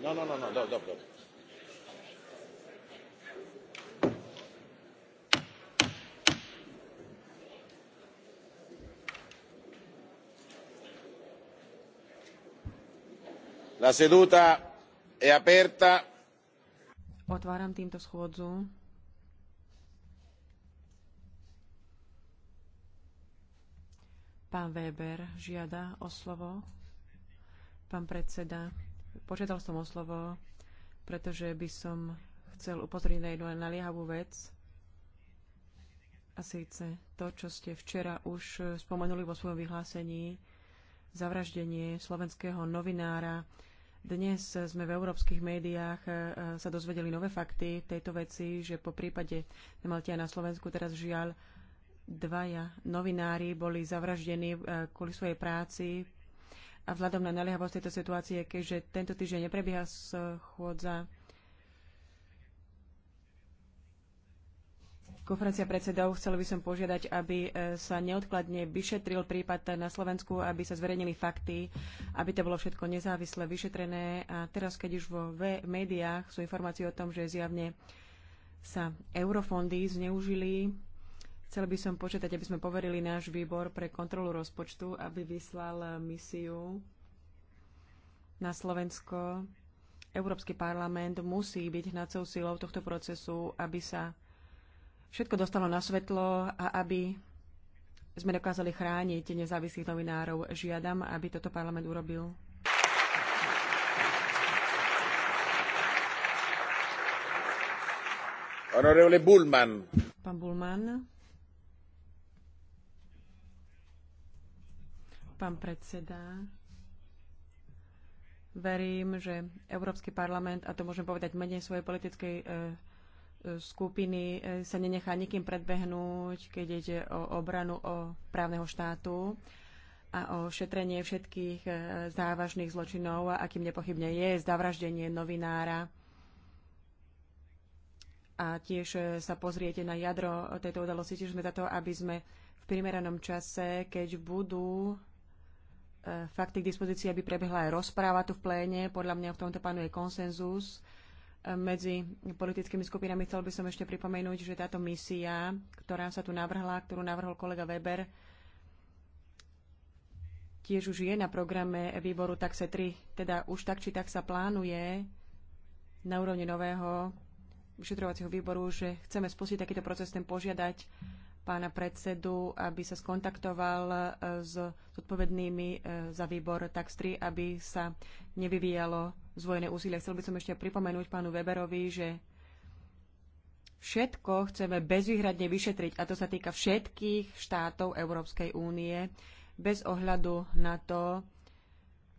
No, no, no, no, dobre, dobre. La seduta è aperta. Otváram týmto schôdzu. Pán Weber žiada o slovo. Pán predseda. Požiadal som o slovo, pretože by som chcel upozorniť na jednu naliehavú vec. A síce to, čo ste včera už spomenuli vo svojom vyhlásení, zavraždenie slovenského novinára. Dnes sme v európskych médiách e, sa dozvedeli nové fakty v tejto veci, že po prípade na aj na Slovensku teraz žiaľ dvaja novinári boli zavraždení e, kvôli svojej práci a vzhľadom na naliehavosť tejto situácie, keďže tento týždeň neprebieha schôdza konferencia predsedov, chcel by som požiadať, aby e, sa neodkladne vyšetril prípad na Slovensku, aby sa zverejnili fakty, aby to bolo všetko nezávisle vyšetrené. A teraz, keď už vo v médiách sú informácie o tom, že zjavne sa eurofondy zneužili Chcel by som počítať, aby sme poverili náš výbor pre kontrolu rozpočtu, aby vyslal misiu na Slovensko. Európsky parlament musí byť hnacou silou tohto procesu, aby sa všetko dostalo na svetlo a aby sme dokázali chrániť nezávislých novinárov. Žiadam, aby toto parlament urobil. Honorable Bullman. Pán Bullman. pán predseda. Verím, že Európsky parlament, a to môžem povedať menej svojej politickej e, e, skupiny, e, sa nenechá nikým predbehnúť, keď ide o obranu o právneho štátu a o šetrenie všetkých e, závažných zločinov, akým nepochybne je zavraždenie novinára. A tiež e, sa pozriete na jadro tejto udalosti, tiež sme za to, aby sme v primeranom čase, keď budú E, fakty k dispozícii, aby prebehla aj rozpráva tu v pléne. Podľa mňa v tomto panuje konsenzus e, medzi politickými skupinami. Chcel by som ešte pripomenúť, že táto misia, ktorá sa tu navrhla, ktorú navrhol kolega Weber, tiež už je na programe výboru taxe 3. Teda už tak či tak sa plánuje na úrovni nového vyšetrovacieho výboru, že chceme spustiť takýto proces, ten požiadať pána predsedu, aby sa skontaktoval e, s odpovednými e, za výbor Tax 3, aby sa nevyvíjalo zvojené úsilie. Chcel by som ešte pripomenúť pánu Weberovi, že všetko chceme bezvýhradne vyšetriť, a to sa týka všetkých štátov Európskej únie, bez ohľadu na to,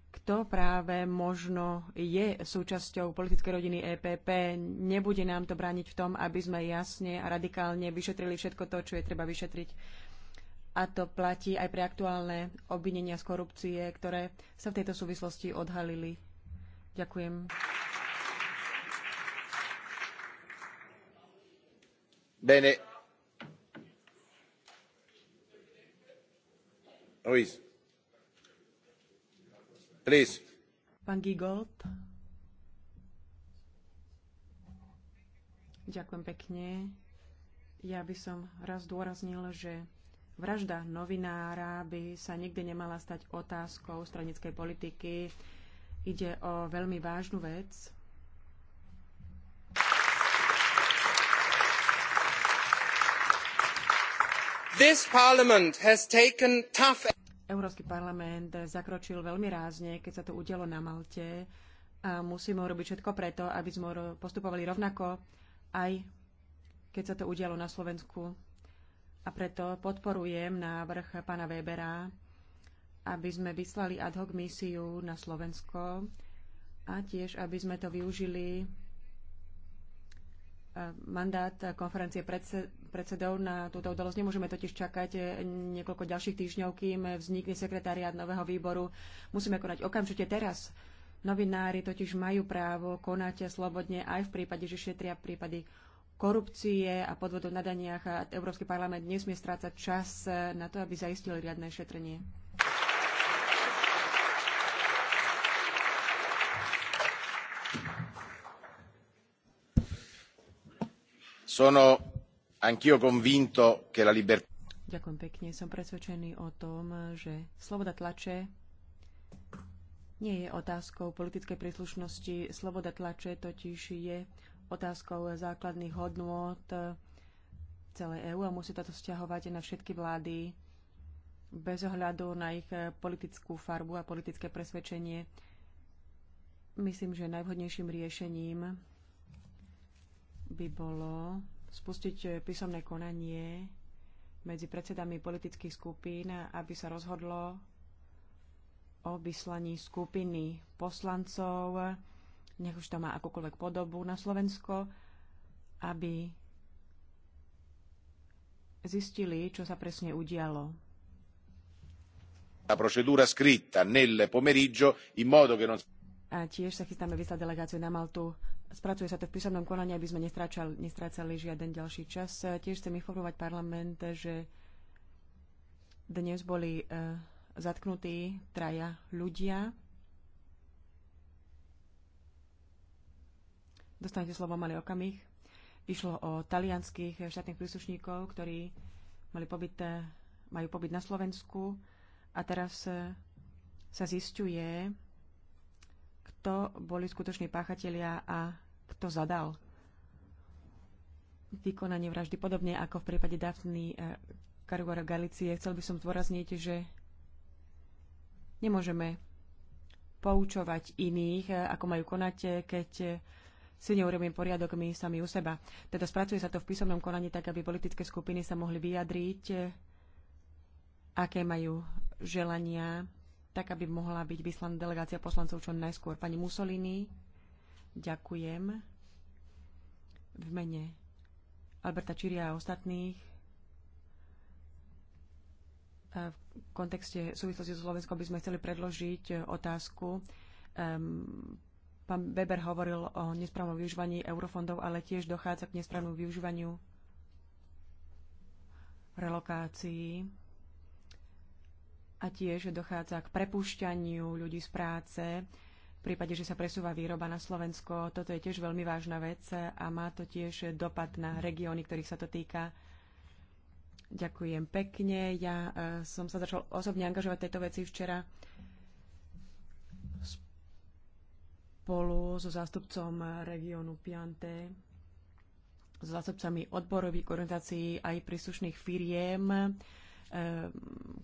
kto práve možno je súčasťou politickej rodiny EPP. Nebude nám to brániť v tom, aby sme jasne a radikálne vyšetrili všetko to, čo je treba vyšetriť. A to platí aj pre aktuálne obvinenia z korupcie, ktoré sa v tejto súvislosti odhalili. Ďakujem. Bene. Ruiz. Pán Gigold. Ďakujem pekne. Ja by som raz dôraznil, že vražda novinára by sa nikdy nemala stať otázkou stranickej politiky. Ide o veľmi vážnu vec. This parliament has taken tough Európsky parlament zakročil veľmi rázne, keď sa to udialo na Malte a musíme urobiť všetko preto, aby sme postupovali rovnako aj keď sa to udialo na Slovensku. A preto podporujem návrh pána Webera, aby sme vyslali ad hoc misiu na Slovensko a tiež, aby sme to využili mandát konferencie predsedov na túto udalosť. Nemôžeme totiž čakať niekoľko ďalších týždňov, kým vznikne sekretariát nového výboru. Musíme konať okamžite teraz. Novinári totiž majú právo konať slobodne aj v prípade, že šetria prípady korupcie a podvodov na daniach a Európsky parlament nesmie strácať čas na to, aby zaistil riadne šetrenie. Ďakujem pekne. Som presvedčený o tom, že sloboda tlače nie je otázkou politickej príslušnosti. Sloboda tlače totiž je otázkou základných hodnôt celej EÚ a musí toto vzťahovať na všetky vlády bez ohľadu na ich politickú farbu a politické presvedčenie. Myslím, že najvhodnejším riešením by bolo spustiť eh, písomné konanie medzi predsedami politických skupín, aby sa rozhodlo o vyslaní skupiny poslancov, nech už to má akúkoľvek podobu na Slovensko, aby zistili, čo sa presne udialo. La procedura scritta nel pomeriggio in modo che non a tiež sa chystáme vyslať delegáciu na Maltu. Spracuje sa to v písomnom konaní, aby sme nestrácali, nestrácali žiaden ďalší čas. E, tiež chcem informovať parlament, že dnes boli uh, zatknutí traja ľudia. Dostanete slovo malý okamih. Išlo o talianských štátnych príslušníkov, ktorí mali pobyt, e, majú pobyt na Slovensku a teraz sa zistuje, kto boli skutoční páchatelia a kto zadal vykonanie vraždy. Podobne ako v prípade Daphne Caruana eh, Galicie, chcel by som zdôrazniť, že nemôžeme poučovať iných, eh, ako majú konať, eh, keď si neurobím poriadok my sami u seba. Teda spracuje sa to v písomnom konaní tak, aby politické skupiny sa mohli vyjadriť, aké majú želania tak aby mohla byť vyslaná delegácia poslancov čo najskôr. Pani Mussolini, ďakujem v mene Alberta Čiria a ostatných v kontexte súvislosti so Slovenskom by sme chceli predložiť otázku. Ehm, pán Weber hovoril o nesprávnom využívaní eurofondov, ale tiež dochádza k nesprávnom využívaniu relokácií a tiež dochádza k prepušťaniu ľudí z práce v prípade, že sa presúva výroba na Slovensko. Toto je tiež veľmi vážna vec a má to tiež dopad na regióny, ktorých sa to týka. Ďakujem pekne. Ja e, som sa začal osobne angažovať tejto veci včera spolu so zástupcom regiónu Piante, so zástupcami odborových organizácií aj príslušných firiem Eh,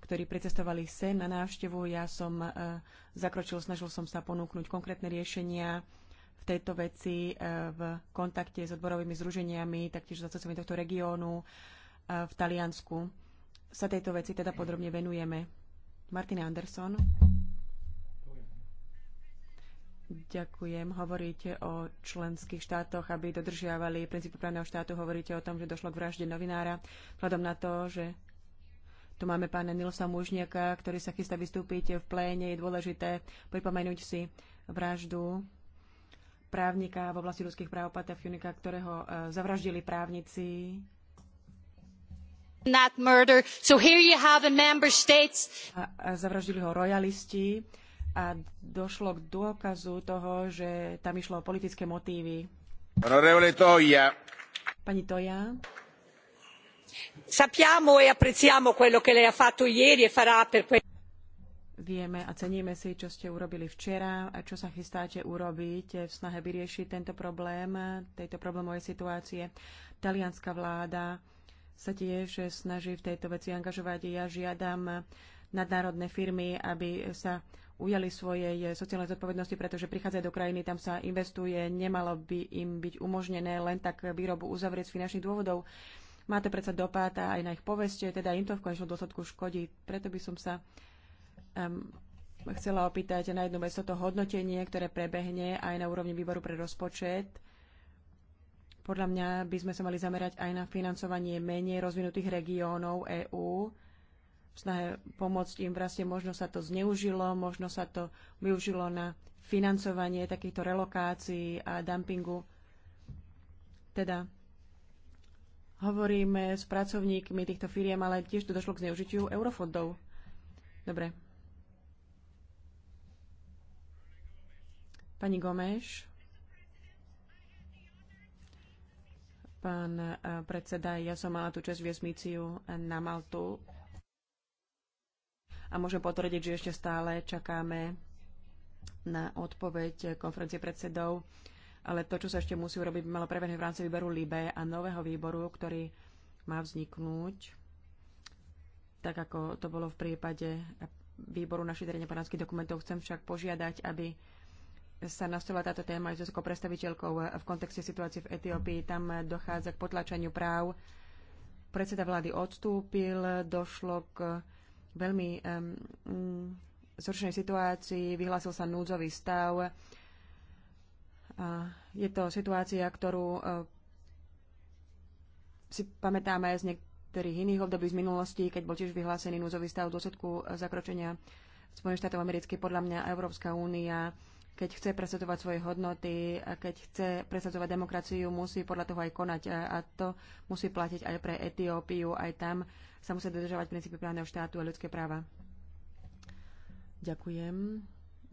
ktorí pricestovali sem na návštevu. Ja som eh, zakročil, snažil som sa ponúknuť konkrétne riešenia v tejto veci eh, v kontakte s odborovými združeniami, taktiež zástupcami tohto regiónu v Taliansku. Sa tejto veci teda podrobne venujeme. Martina Anderson. Ďakujem. Hovoríte o členských štátoch, aby dodržiavali princípy právneho štátu. Hovoríte o tom, že došlo k vražde novinára. Vzhľadom na to, že tu máme pána Nilsa Mužniaka, ktorý sa chystá vystúpiť v pléne. Je dôležité pripomenúť si vraždu právnika v oblasti ľudských práv Pata Funika, ktorého e, zavraždili právnici. That murder. So here you have a member states. A, a zavraždili ho royalisti a došlo k dôkazu toho, že tam išlo o politické motívy. Pani Toja. Sappiamo e apprezziamo quello che lei ha fatto ieri e farà per questo. Vieme a ceníme si, čo ste urobili včera a čo sa chystáte urobiť v snahe vyriešiť tento problém, tejto problémovej situácie. Talianská vláda sa tiež snaží v tejto veci angažovať. Ja žiadam nadnárodné firmy, aby sa ujali svojej sociálnej zodpovednosti, pretože prichádzajú do krajiny, tam sa investuje, nemalo by im byť umožnené len tak výrobu uzavrieť z finančných dôvodov. Má to predsa dopáta aj na ich poveste, teda im to v konečnom dôsledku škodí. Preto by som sa um, chcela opýtať na jednu vec, toto hodnotenie, ktoré prebehne aj na úrovni výboru pre rozpočet. Podľa mňa by sme sa mali zamerať aj na financovanie menej rozvinutých regiónov EÚ v snahe pomôcť im. Vlastne možno sa to zneužilo, možno sa to využilo na financovanie takýchto relokácií a dumpingu. Teda hovoríme s pracovníkmi týchto firiem, ale tiež to došlo k zneužitiu eurofondov. Dobre. Pani Gomeš. Pán eh, predseda, ja som mala tú čest viesť na Maltu a môžem potvrdiť, že ešte stále čakáme na odpoveď konferencie predsedov ale to, čo sa ešte musí urobiť, by malo prebehnúť v rámci výberu LIBE a nového výboru, ktorý má vzniknúť, tak ako to bolo v prípade výboru na šírenie panánskych dokumentov. Chcem však požiadať, aby sa nastala táto téma aj s so predstaviteľkou v kontexte situácie v Etiópii. Tam dochádza k potlačaniu práv. Predseda vlády odstúpil, došlo k veľmi um, zhoršenej situácii, vyhlásil sa núdzový stav je to situácia, ktorú e, si pamätáme z niektorých iných období z minulosti, keď bol tiež vyhlásený núzový stav v dôsledku e, zakročenia Spojených štátov amerických. Podľa mňa Európska únia, keď chce presadzovať svoje hodnoty, a keď chce presadzovať demokraciu, musí podľa toho aj konať. E, a to musí platiť aj pre Etiópiu. Aj tam sa musia dodržovať princípy právneho štátu a ľudské práva. Ďakujem.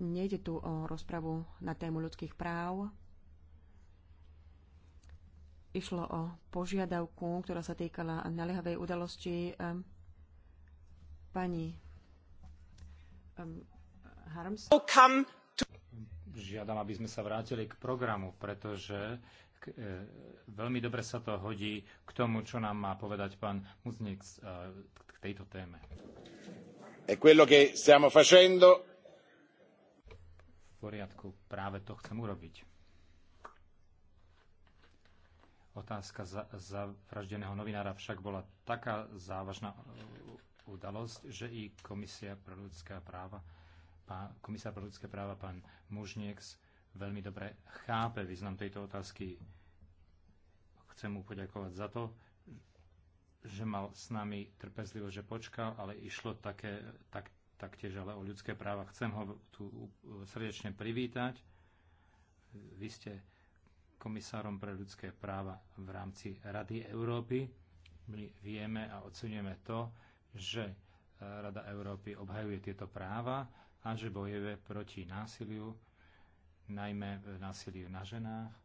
Nejde tu o rozpravu na tému ľudských práv. Išlo o požiadavku, ktorá sa týkala naliehavej udalosti ehm, pani ehm, Harms. Žiadam, aby sme sa vrátili k programu, pretože e, veľmi dobre sa to hodí k tomu, čo nám má povedať pán Muznik e, k tejto téme. quello che stiamo facendo poriadku, práve to chcem urobiť. Otázka zavraždeného novinára však bola taká závažná uh, udalosť, že i Komisia pre ľudské práva, pán, Komisia pre ľudské práva, pán Mužniek, veľmi dobre chápe význam tejto otázky. Chcem mu poďakovať za to, že mal s nami trpezlivo, že počkal, ale išlo také, tak, taktiež ale o ľudské práva. Chcem ho tu srdečne privítať. Vy ste komisárom pre ľudské práva v rámci Rady Európy. My vieme a ocenujeme to, že e, Rada Európy obhajuje tieto práva a že bojuje proti násiliu, najmä násiliu na ženách